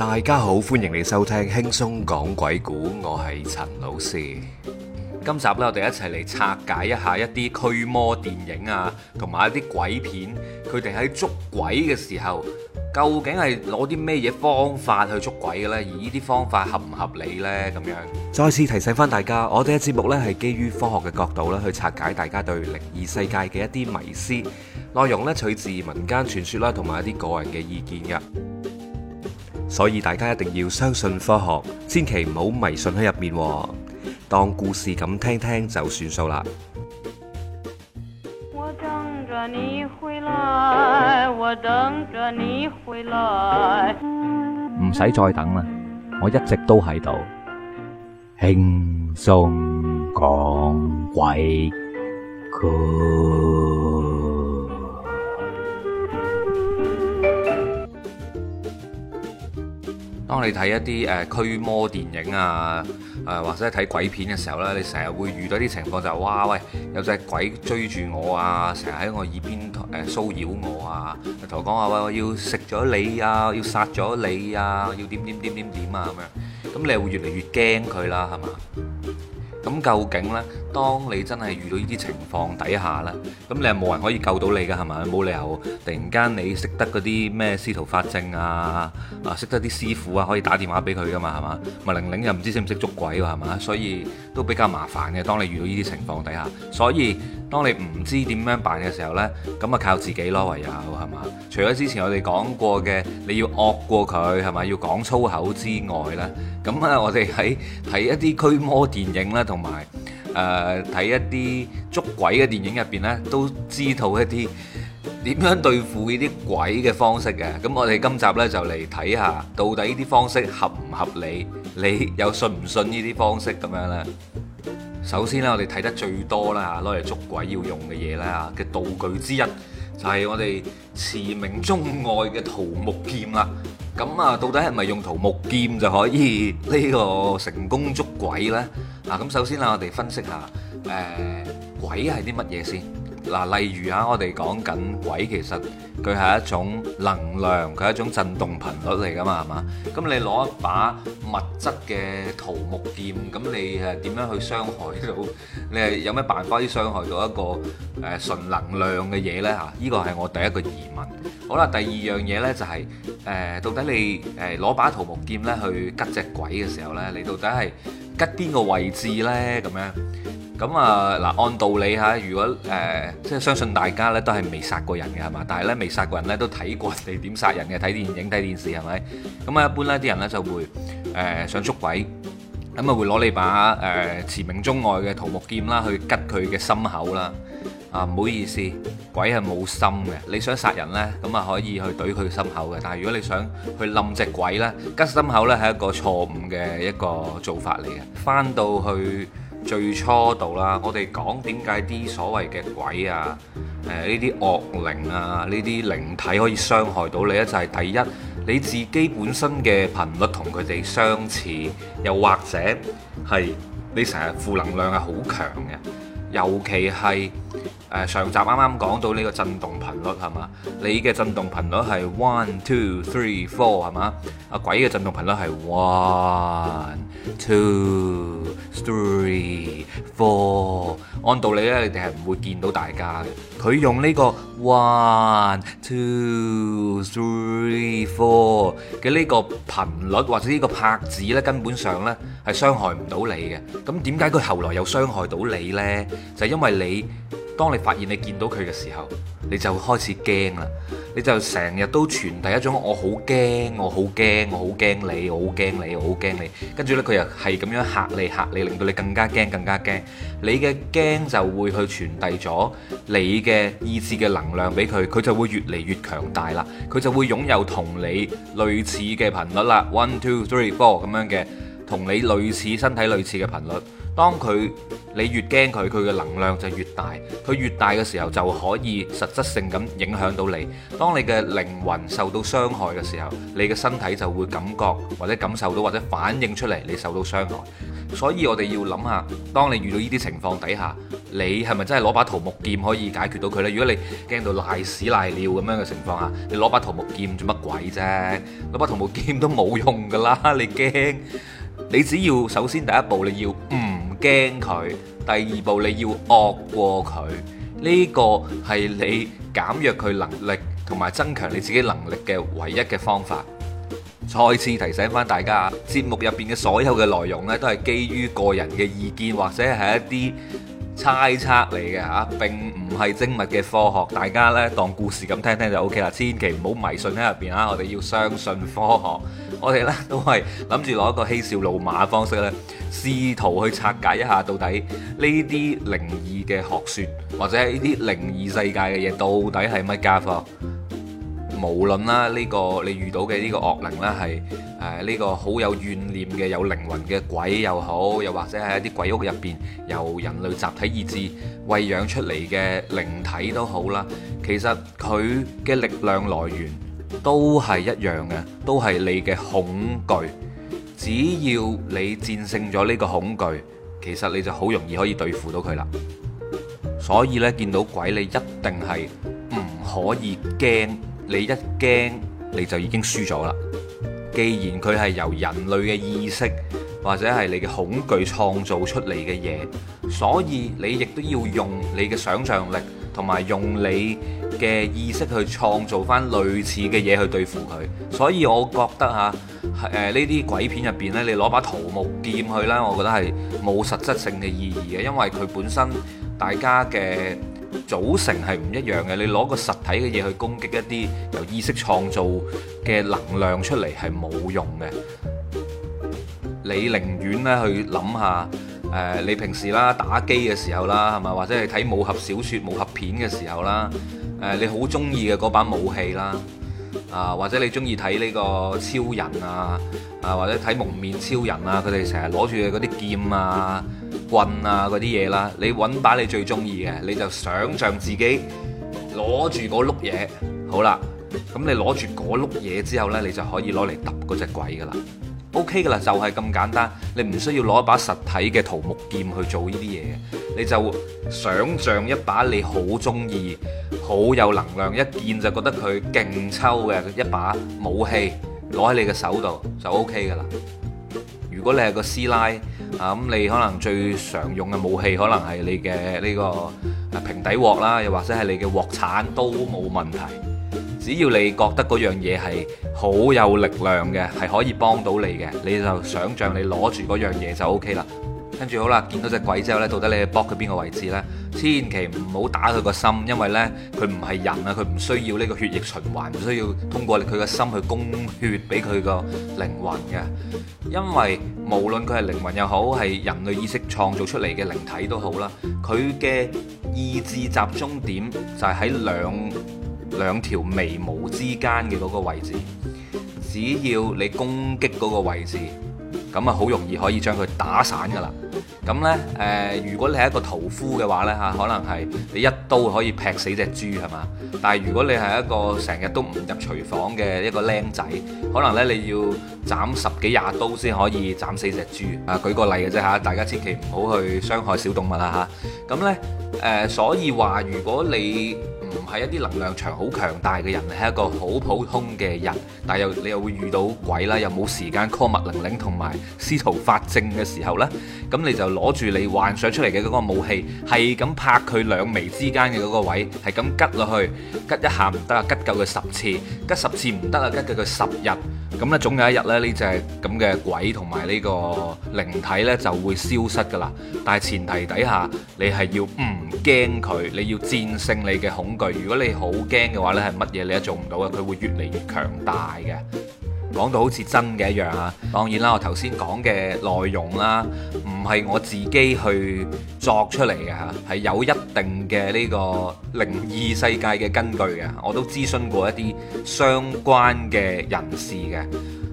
大家好，歡迎你收聽輕鬆講鬼故。我係陳老師。今集咧，我哋一齊嚟拆解一下一啲驅魔電影啊，同埋一啲鬼片，佢哋喺捉鬼嘅時候，究竟係攞啲咩嘢方法去捉鬼嘅咧？而呢啲方法合唔合理呢？咁樣。再次提醒翻大家，我哋嘅節目咧係基於科學嘅角度咧去拆解大家對靈異世界嘅一啲迷思，內容咧取自民間傳說啦，同埋一啲個人嘅意見嘅。所以大家一定要相信科學，千祈唔好迷信喺入面，當故事咁聽聽就算數啦。我等著你回來，我等著你回來。唔使再等啦，我一直都喺度，輕鬆講鬼故事。當你睇一啲誒驅魔電影啊，誒或者睇鬼片嘅時候呢，你成日會遇到啲情況就係哇喂，有隻鬼追住我啊，成日喺我耳邊誒騷擾我啊，同我講話，喂，我要食咗你啊，要殺咗你啊，要點點點點點啊咁樣，咁你係會越嚟越驚佢啦，係嘛？咁究竟呢？當你真係遇到呢啲情況底下呢，咁你係冇人可以救到你噶，係咪？冇理由突然間你識得嗰啲咩司徒法正啊，啊識得啲師傅啊，可以打電話俾佢噶嘛，係嘛？咪玲玲又唔知識唔識捉鬼喎，係嘛？所以都比較麻煩嘅。當你遇到呢啲情況底下，所以。當你唔知點樣辦嘅時候呢，咁啊靠自己咯，唯有係嘛。除咗之前我哋講過嘅，你要惡過佢係咪？要講粗口之外呢，咁啊我哋喺睇一啲驅魔電影啦，同埋誒睇一啲捉鬼嘅電影入邊呢，都知道一啲點樣對付呢啲鬼嘅方式嘅。咁我哋今集呢，就嚟睇下，到底呢啲方式合唔合理？你又信唔信呢啲方式咁樣呢？.首先咧，我哋睇得最多啦嚇，攞嚟捉鬼要用嘅嘢啦嚇，嘅道具之一，就係我哋馳名中外嘅桃木劍啦。咁啊，到底係咪用桃木劍就可以呢個成功捉鬼咧？啊，咁首先啦，我哋分析下，誒，鬼係啲乜嘢先？嗱，例如啊，我哋講緊鬼，其實佢係一種能量，佢係一種震動頻率嚟噶嘛，係嘛？咁你攞一把物質嘅桃木劍，咁你誒點樣去傷害到？你係有咩辦法可以傷害到一個誒、呃、純能量嘅嘢呢？嚇，呢個係我第一個疑問。好啦，第二樣嘢呢、就係，就係誒，到底你誒攞把桃木劍咧去吉隻鬼嘅時候呢，你到底係吉邊個位置呢？咁樣？咁啊，嗱，按道理嚇，如果誒，即係相信大家咧都係未殺過人嘅係嘛，但係咧未殺過人咧都睇過你點殺人嘅，睇電影睇電視係咪？咁啊，一般咧啲人咧就會誒想捉鬼，咁啊會攞你把誒馳名中外嘅桃木劍啦去拮佢嘅心口啦。啊，唔好意思，鬼係冇心嘅，你想殺人咧，咁啊可以去懟佢心口嘅，但係如果你想去冧隻鬼咧，拮心口咧係一個錯誤嘅一個做法嚟嘅，返到去。最初度啦，我哋講點解啲所謂嘅鬼啊，誒呢啲惡靈啊，呢啲靈體可以傷害到你呢，就係第一你自己本身嘅頻率同佢哋相似，又或者係你成日負能量係好強嘅，尤其係。誒上集啱啱講到呢個震動頻率係嘛？你嘅震動頻率係 one two three four 係嘛？阿鬼嘅震動頻率係 one two three four。按道理咧，你哋係唔會見到大家嘅。佢用呢個 one two three four 嘅呢個頻率或者呢個拍子咧，根本上咧係傷害唔到你嘅。咁點解佢後來又傷害到你咧？就因為你。當你發現你見到佢嘅時候，你就開始驚啦，你就成日都傳遞一種我好驚，我好驚，我好驚你，我好驚你，我好驚你。跟住呢，佢又係咁樣嚇你嚇你，令到你更加驚，更加驚。你嘅驚就會去傳遞咗你嘅意志嘅能量俾佢，佢就會越嚟越強大啦，佢就會擁有同你類似嘅頻率啦，one two three four 咁樣嘅。同你類似身體類似嘅頻率，當佢你越驚佢，佢嘅能量就越大。佢越大嘅時候就可以實質性咁影響到你。當你嘅靈魂受到傷害嘅時候，你嘅身體就會感覺或者感受到或者反映出嚟，你受到傷害。所以我哋要諗下，當你遇到呢啲情況底下，你係咪真係攞把桃木劍可以解決到佢呢？如果你驚到瀨屎瀨尿咁樣嘅情況下，你攞把桃木劍做乜鬼啫？攞把桃木劍都冇用㗎啦，你驚。你只要首先第一步你要唔驚佢，第二步你要惡過佢，呢個係你減弱佢能力同埋增強你自己能力嘅唯一嘅方法。再次提醒翻大家，節目入邊嘅所有嘅內容咧，都係基於個人嘅意見或者係一啲。猜測嚟嘅嚇，並唔係精密嘅科學。大家咧當故事咁聽聽就 OK 啦，千祈唔好迷信喺入邊啊！我哋要相信科學。我哋咧都係諗住攞一個嬉笑怒罵嘅方式，呢，試圖去拆解一下到底呢啲靈異嘅學説，或者呢啲靈異世界嘅嘢，到底係乜傢伙？無論啦，呢個你遇到嘅呢個惡靈咧，係誒呢個好有怨念嘅有靈魂嘅鬼又好，又或者係一啲鬼屋入邊由人類集體意志餵養出嚟嘅靈體都好啦。其實佢嘅力量來源都係一樣嘅，都係你嘅恐懼。只要你戰勝咗呢個恐懼，其實你就好容易可以對付到佢啦。所以呢，見到鬼你一定係唔可以驚。你一驚你就已經輸咗啦！既然佢係由人類嘅意識或者係你嘅恐懼創造出嚟嘅嘢，所以你亦都要用你嘅想像力同埋用你嘅意識去創造返類似嘅嘢去對付佢。所以我覺得嚇誒呢啲鬼片入邊咧，你攞把桃木劍去咧，我覺得係冇實質性嘅意義嘅，因為佢本身大家嘅。組成係唔一樣嘅，你攞個實體嘅嘢，去攻擊一啲由意識創造嘅能量出嚟係冇用嘅。你寧願咧去諗下，誒、呃，你平時啦打機嘅時候啦，係咪，或者係睇武俠小說、武俠片嘅時候啦，誒、呃，你好中意嘅嗰把武器啦。啊，或者你中意睇呢個超人啊，啊或者睇蒙面超人啊，佢哋成日攞住嗰啲劍啊、棍啊嗰啲嘢啦，你揾把你最中意嘅，你就想象自己攞住嗰碌嘢，好啦，咁你攞住嗰碌嘢之後呢，你就可以攞嚟揼嗰隻鬼噶啦。O K 噶啦，就係咁簡單，你唔需要攞一把實體嘅桃木劍去做呢啲嘢，你就想像一把你好中意、好有能量、一見就覺得佢勁抽嘅一把武器攞喺你嘅手度就 O K 噶啦。如果你係個師奶啊，咁你可能最常用嘅武器可能係你嘅呢個平底鑊啦，又或者係你嘅鑊鏟都冇問題。只要你覺得嗰樣嘢係好有力量嘅，係可以幫到你嘅，你就想象你攞住嗰樣嘢就 OK 啦。跟住好啦，見到隻鬼之後呢，到底你要搏佢邊個位置呢？千祈唔好打佢個心，因為呢，佢唔係人啊，佢唔需要呢個血液循環，唔需要通過佢個心去供血俾佢個靈魂嘅。因為無論佢係靈魂又好，係人類意識創造出嚟嘅靈體都好啦，佢嘅意志集中點就係喺兩。兩條眉毛之間嘅嗰個位置，只要你攻擊嗰個位置，咁啊好容易可以將佢打散噶啦。咁呢，誒、呃，如果你係一個屠夫嘅話呢，嚇，可能係你一刀可以劈死隻豬係嘛？但係如果你係一個成日都唔入廚房嘅一個僆仔，可能呢你要斬十幾廿刀先可以斬死隻豬啊！舉個例嘅啫嚇，大家千祈唔好去傷害小動物啊嚇。咁呢誒，所以話如果你係一啲能量場好強大嘅人，係一個好普通嘅人，但係又你又會遇到鬼啦，又冇時間 call 麥玲玲同埋司徒法正嘅時候呢。咁你就攞住你幻想出嚟嘅嗰個武器，係咁拍佢兩眉之間嘅嗰個位，係咁吉落去，吉一下唔得啊，吉夠佢十次，吉十次唔得啊，吉夠佢十日。咁咧，總有一日咧，呢隻咁嘅鬼同埋呢個靈體呢就會消失噶啦。但係前提底下，你係要唔驚佢，你要戰勝你嘅恐懼。如果你好驚嘅話呢，係乜嘢你都做唔到嘅，佢會越嚟越強大嘅。講到好似真嘅一樣啊！當然啦，我頭先講嘅內容啦，唔係我自己去作出嚟嘅嚇，係有一定嘅呢個靈異世界嘅根據嘅，我都諮詢過一啲相關嘅人士嘅。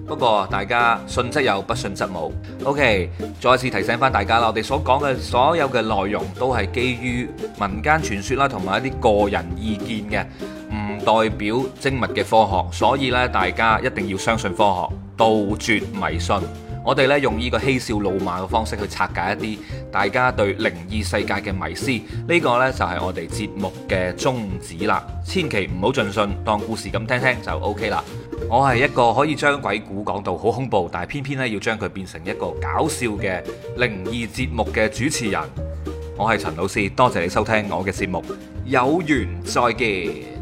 不過大家信則有，不信則無。OK，再次提醒翻大家啦，我哋所講嘅所有嘅內容都係基於民間傳說啦，同埋一啲個人意見嘅。代表精密嘅科學，所以咧大家一定要相信科學，杜絕迷信。我哋咧用呢個嬉笑怒罵嘅方式去拆解一啲大家對靈異世界嘅迷思。呢個呢，就係我哋節目嘅宗旨啦。千祈唔好盡信，當故事咁聽聽就 OK 啦。我係一個可以將鬼故講到好恐怖，但係偏偏咧要將佢變成一個搞笑嘅靈異節目嘅主持人。我係陳老師，多謝你收聽我嘅節目，有緣再見。